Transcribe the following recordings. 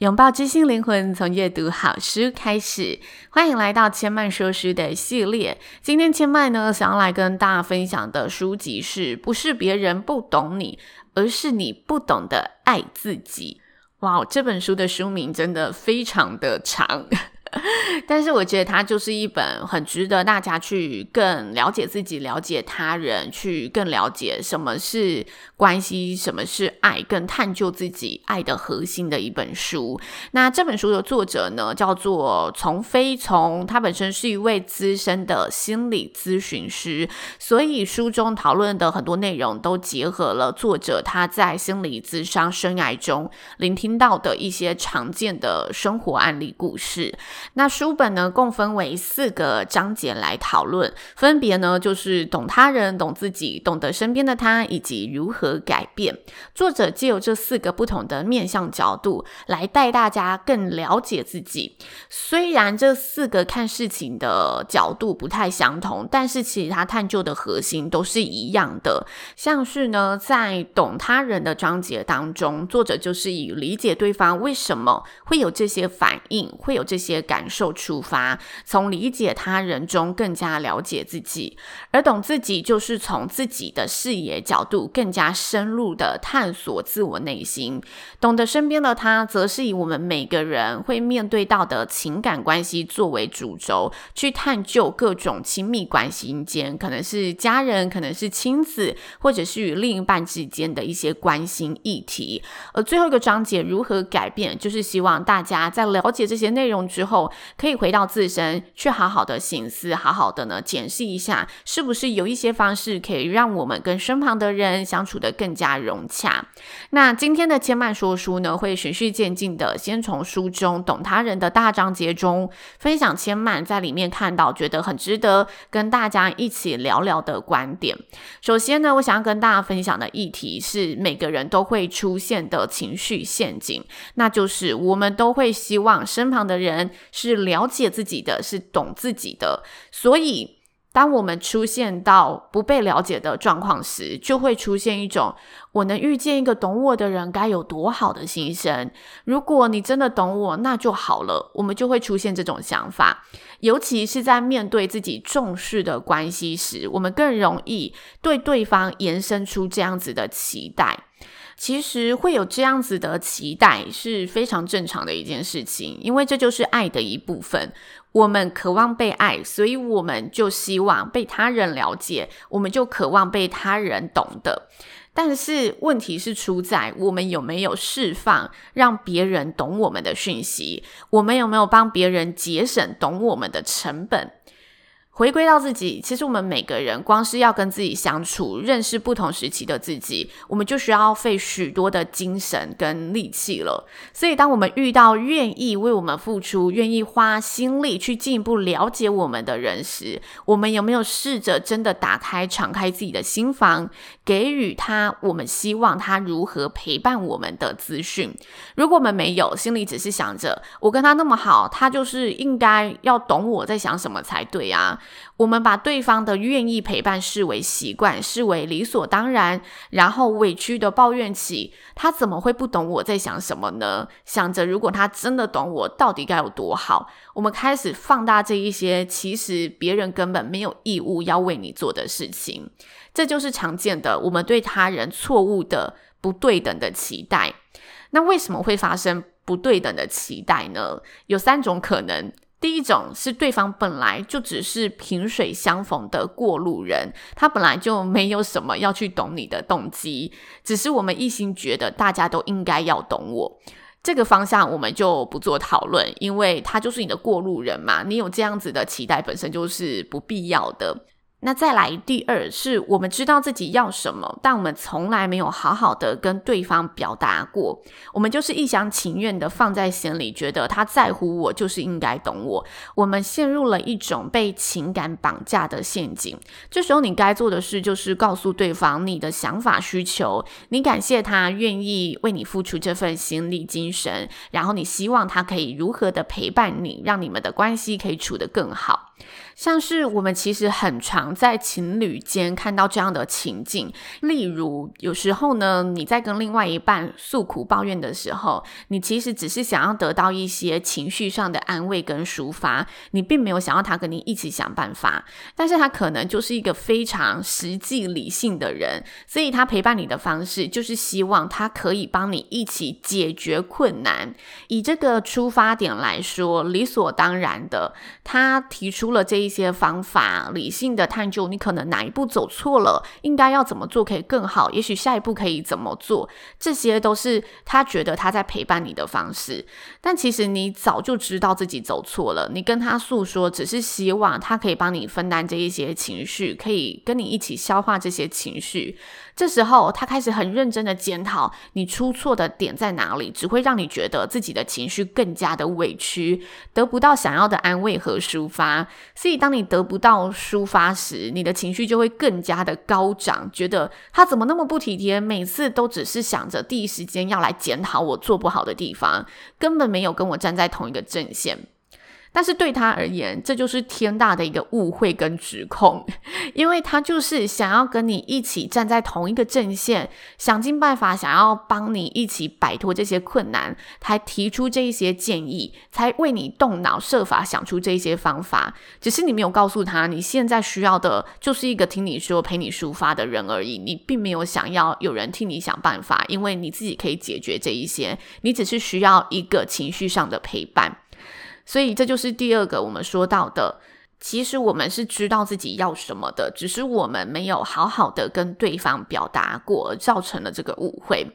擁抱知性靈魂，從閱讀好書開始。歡迎來到千麥說書的系列。今天千麥呢，想要來跟大家分享的書籍是不是別人不懂你，而是你不懂得愛自己。哇，這本書的書名真的非常的長。 但是我覺得它就是一本很值得大家去更了解自己、了解他人、去更了解什麼是關係、什麼是愛，更探究自己愛的核心的一本書。那這本書的作者呢，叫做叢非從。他本身是一位資深的心理諮詢師，所以書中討論的很多內容都結合了作者他在心理諮商生涯中聆聽到的一些常見的生活案例故事。那書本呢，共分為四個章節來討論，分別呢就是懂他人、懂自己、懂得身邊的他，以及如何改變。作者借由這四個不同的面向角度，來帶大家更了解自己。雖然這四個看事情的角度不太相同，但是其實他探究的核心都是一樣的。像是呢，在懂他人的章節當中，作者就是以理解對方為什麼會有這些反應，會有這些。感受出發，從理解他人中更加了解自己，而懂自己就是從自己的視野角度更加深入的探索自我內心。懂得身邊的他，則是以我們每個人會面對到的情感關係作為主軸，去探究各種親密關係之間，可能是家人，可能是親子，或者是與另一半之間的一些關心議題。而最後一個章節如何改變，就是希望大家在了解這些內容之後。可以回到自身，去好好的省思，好好的呢檢視一下，是不是有一些方式可以讓我們跟身旁的人相處得更加融洽。那今天的千曼說書呢，會循序漸進的，先從書中懂他人的大章節中，分享千曼在裡面看到、覺得很值得跟大家一起聊聊的觀點。首先呢，我想要跟大家分享的議題是每個人都會出現的情緒陷阱，那就是我們都會希望身旁的人。是了解自己的，是懂自己的，所以當我們出現到不被了解的狀況時，就會出現一種“我能遇見一個懂我的人該有多好的”心聲。如果你真的懂我，那就好了，我們就會出現這種想法。尤其是在面對自己重視的關係時，我們更容易對對方延伸出這樣子的期待。其實會有這樣子的期待是非常正常的一件事情，因為這就是愛的一部分。我們渴望被愛，所以我們就希望被他人了解，我們就渴望被他人懂得。但是問題是出在我們有沒有釋放讓別人懂我們的訊息？我們有沒有幫別人節省懂我們的成本？回歸到自己，其實我們每個人光是要跟自己相處，認識不同時期的自己，我們就需要費許多的精神跟力氣了。所以，當我們遇到願意為我們付出、願意花心力去進一步了解我們的人時，我們有沒有試着真的打開、敞開自己的心房，給予他我們希望他如何陪伴我們的資訊？如果我們沒有，心裡只是想着我跟他那麼好，他就是應該要懂我在想什麼才對啊。我們把對方的願意陪伴視為習慣，視為理所當然，然後委屈地抱怨起他怎麼會不懂我在想什麼呢？想着如果他真的懂我，到底該有多好。我們開始放大這一些，其實別人根本沒有義務要為你做的事情。這就是常見的我們對他人錯誤的不對等的期待。那為什麼會發生不對等的期待呢？有三種可能。第一種是對方本來就只是萍水相逢的過路人，他本來就沒有什麼要去懂你的動機，只是我們一心覺得大家都應該要懂我，這個方向我們就不做討論，因為他就是你的過路人嘛，你有這樣子的期待本身就是不必要的。那再來，第二是我們知道自己要什麼，但我們從來沒有好好的跟對方表達過，我們就是一廂情願的放在心裡，覺得他在乎我，就是應該懂我。我們陷入了一種被情感綁架的陷阱。這時候你該做的事就是告訴對方你的想法、需求，你感謝他願意為你付出這份心力、精神，然後你希望他可以如何的陪伴你，讓你們的關係可以處得更好。像是我們其實很常在情侶間看到這樣的情境，例如有時候呢，你在跟另外一半訴苦抱怨的時候，你其實只是想要得到一些情緒上的安慰跟抒發，你並沒有想要他跟你一起想辦法。但是他可能就是一個非常實際理性的人，所以他陪伴你的方式就是希望他可以幫你一起解決困難。以這個出發點來說，理所當然的，他提出了這一。一些方法，理性的探究，你可能哪一步走錯了，應該要怎麼做可以更好？也許下一步可以怎麼做？這些都是他覺得他在陪伴你的方式。但其實你早就知道自己走錯了，你跟他訴說，只是希望他可以幫你分擔這一些情緒，可以跟你一起消化這些情緒。這時候他開始很認真的檢討你出錯的點在哪裡，只會讓你覺得自己的情緒更加的委屈，得不到想要的安慰和抒發，當你得不到抒發時，你的情緒就會更加的高漲，覺得他怎麼那麼不體貼？每次都只是想着第一時間要來檢討我做不好的地方，根本沒有跟我站在同一個陣線。但是對他而言，這就是天大的一個誤會跟指控，因為他就是想要跟你一起站在同一個陣線，想盡辦法想要幫你一起擺脫這些困難，才提出這一些建議，才為你動腦設法想出這些方法。只是你沒有告訴他，你現在需要的就是一個聽你說、陪你抒發的人而已。你並沒有想要有人替你想辦法，因為你自己可以解決這一些，你只是需要一個情緒上的陪伴。所以這就是第二個我們說到的，其實我們是知道自己要什麼的，只是我們沒有好好的跟對方表達過，而造成了這個誤會。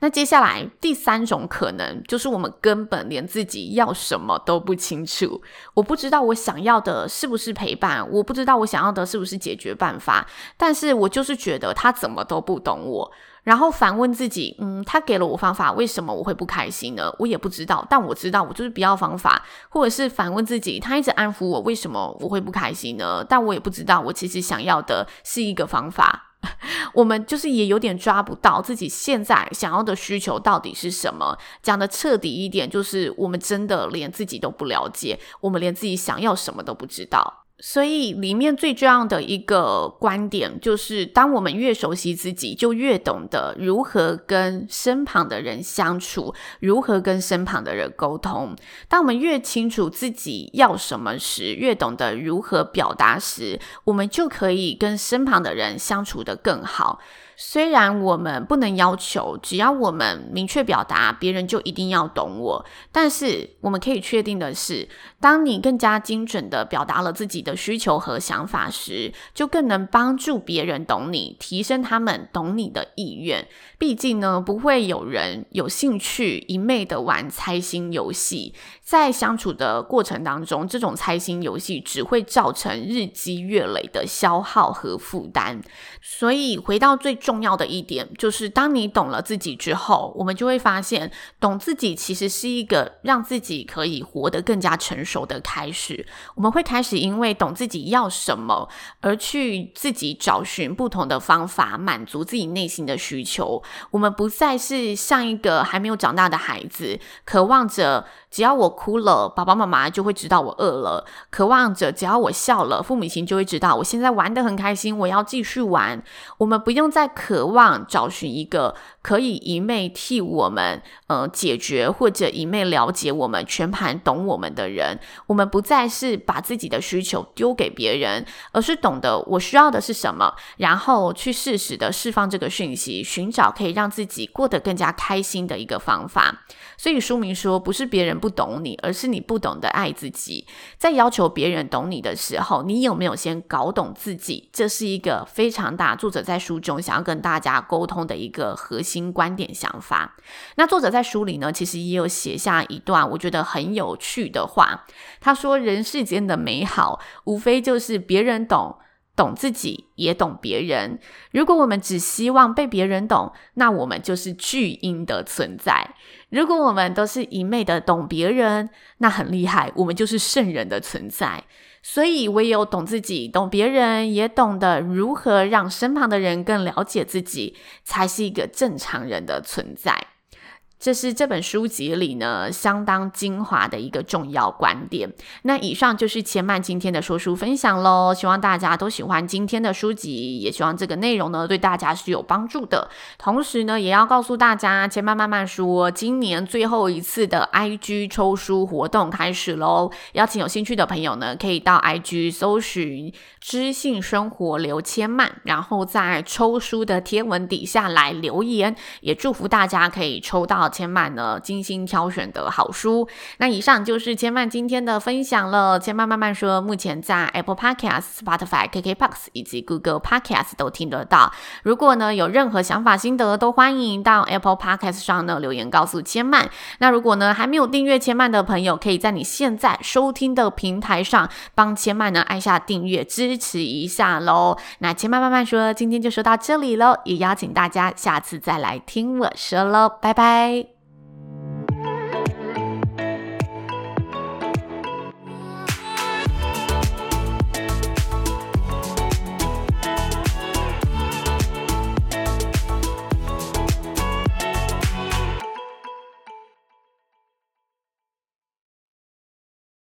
那接下來第三種可能就是我們根本連自己要什麼都不清楚。我不知道我想要的是不是陪伴，我不知道我想要的是不是解決辦法，但是我就是覺得他怎麼都不懂我。然後反問自己，嗯，他給了我方法，為什麼我會不開心呢？我也不知道，但我知道我就是不要方法，或者是反問自己，他一直安撫我，為什麼我會不開心呢？但我也不知道，我其實想要的是一個方法。 我們就是也有點抓不到自己現在想要的需求到底是什麼。講的徹底一點，就是我們真的連自己都不了解，我們連自己想要什麼都不知道。所以，裡面最重要的一個觀點就是，當我們越熟悉自己，就越懂得如何跟身旁的人相處，如何跟身旁的人溝通。當我們越清楚自己要什麼時，越懂得如何表達時，我們就可以跟身旁的人相處得更好。雖然我們不能要求，只要我們明確表達，別人就一定要懂我。但是我們可以確定的是，當你更加精準的表達了自己的需求和想法時，就更能幫助別人懂你，提升他們懂你的意願。畢竟呢，不會有人有興趣一昧的玩猜心遊戲。在相處的過程當中，這種猜心遊戲只會造成日積月累的消耗和負擔。所以回到最，重要的一點就是，當你懂了自己之後，我們就會發現，懂自己其實是一個讓自己可以活得更加成熟的開始。我們會開始因為懂自己要什麼，而去自己找尋不同的方法，滿足自己內心的需求。我們不再是像一個還沒有長大的孩子，渴望着只要我哭了，爸爸媽媽就會知道我餓了；渴望着只要我笑了，父母親就會知道我現在玩得很開心，我要繼續玩。我們不用再，渴望找尋一個可以一昧替我們，呃，解決或者一昧了解我們、全盤懂我們的人。我們不再是把自己的需求丟給別人，而是懂得我需要的是什麼，然後去適時的釋放這個訊息，尋找可以讓自己過得更加開心的一個方法。所以書名說，不是別人不懂你，而是你不懂得愛自己。在要求別人懂你的時候，你有沒有先搞懂自己？這是一個非常大，作者在書中想要。跟大家溝通的一個核心觀點想法。那作者在書裡呢，其實也有寫下一段我覺得很有趣的話。他說：“人世間的美好，無非就是別人懂，懂自己也懂別人。如果我們只希望被別人懂，那我們就是巨嬰的存在；如果我們都是一昧的懂別人，那很厲害，我們就是聖人的存在。”所以，唯有懂自己、懂別人，也懂得如何讓身旁的人更了解自己，才是一個正常人的存在。這是這本書籍裡呢，相當精華的一個重要觀點。那以上就是千曼今天的說書分享嘍，希望大家都喜歡今天的書籍，也希望這個內容呢對大家是有幫助的。同時呢，也要告訴大家，千曼慢慢說，今年最後一次的 IG 抽書活動開始嘍，邀請有興趣的朋友呢，可以到 IG 搜尋“知性生活劉千曼”，然後在抽書的貼文底下來留言，也祝福大家可以抽到。千曼呢精心挑選的好書，那以上就是千曼今天的分享了。千曼慢慢說，目前在 Apple Podcast、Spotify、KKBOX 以及 Google Podcast 都聽得到。如果呢有任何想法心得，都歡迎到 Apple Podcast 上呢留言告訴千曼。那如果呢還沒有訂閱千曼的朋友，可以在你現在收聽的平台上幫千曼呢按下訂閱，支持一下嘍。那千曼慢慢說，今天就說到這裡嘍，也邀請大家下次再來聽我說嘍，拜拜。